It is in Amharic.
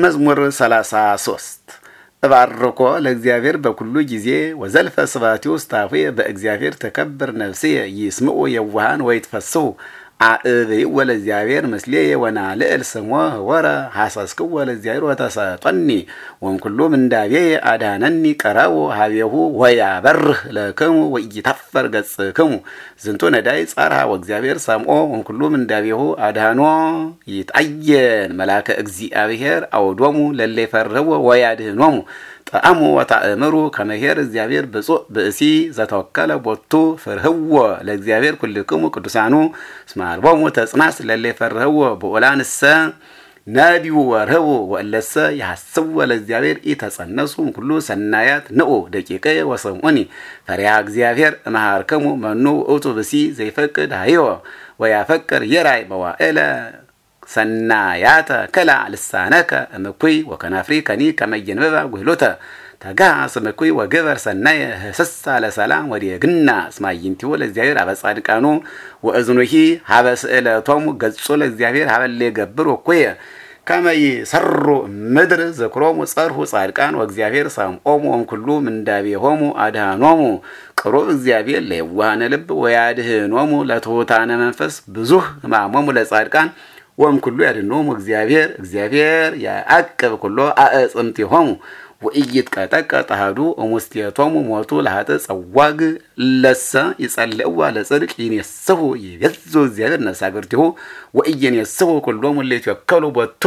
መዝሙር 33 እባርኮ ለእግዚአብሔር በኩሉ ጊዜ ወዘልፈ ውስጥ ስታፌ በእግዚአብሔር ተከብር ነፍሴ ይስምዑ የዋሃን ወይትፈስሁ አእብይ ወለእግዚአብሔር ምስሌየ ወናልዕል ስሞ ህወረ ሐሰስክዎ ለእግዚአብሔር ወተሰጦኒ ወንኩሉ ምንዳቤየ አዳነኒ ቀረቡ ሀቤሁ ወያበርህ ለክሙ ወኢይታፈር ገጽክሙ ዝንቱ ነዳይ ጻርሃ ወእግዚአብሔር ሰምዖ ወንኩሉ ምንዳቤሁ አዳኖ ይታየን መላከ እግዚአብሔር አውዶሙ ለለ ይፈርህዎ ወያድህኖሙ ጠአሙ ወታእምሩ ከመሄር እግዚአብሔር ብፁዕ ብእሲ ዘተወከለ ቦቱ ፍርህዎ ለእግዚአብሔር ኩልክሙ ቅዱሳኑ እስመ አልቦሙ ተጽናስ ለሌ ፈርህዎ ብኡላንሰ ናዲው ወርህቡ ወእለሰ የሐስቡ ለእግዚአብሔር ኢተጸነሱ ኩሉ ሰናያት ንዑ ደቂቀ ወሰምዑኒ ፈሪያ እግዚአብሔር እመሃርከሙ መኑ ውእቱ ብሲ ዘይፈቅድ ሃዮ ወያፈቅር የራይ መዋእለ ሰናያተ ከላ ልሳነከ እምኩይ ወከናፍሪ ከኒ ከመየንበባ ጉህሎተ ተጋ ስምኩይ ወግበር ሰናየ ህስሳ ለሰላም ወዲየ ወዲየግና እስማይንቲዎ ለእግዚአብሔር አበጻድቃኑ ወእዝኑሂ ሀበ ስእለቶም ገጹ ለእግዚአብሔር ሀበል የገብር ወኩየ ከመይ ሰሩ ምድር ዝክሮሙ ጸርሁ ጻድቃን ወእግዚአብሔር ሳምዖሙ ወምኩሉ ምንዳቤሆሙ አድሃኖሙ ቅሩብ እግዚአብሔር ለየዋሃነ ልብ ወያድህኖሙ ለትሑታነ መንፈስ ብዙህ ህማሞሙ ለጻድቃን ወም ኩሉ ያድነውም እግዚአብሔር እግዚአብሔር ያአቅብ ኩሎ ሆሙ አእጽምቲሆሙ ወኢይትቀጠቀጥ አሐዱ እሙስቲቶሙ ሞቱ ለኃጥእ ጸዋግ ለሰ ይጸልእዋ ለጽድቅ ይኔስሁ ይቤዞ እግዚአብሔር ነፍሳት ወእየን ወኢይኔስሁ ኩሎሙ እለ ይትወከሉ ቦቱ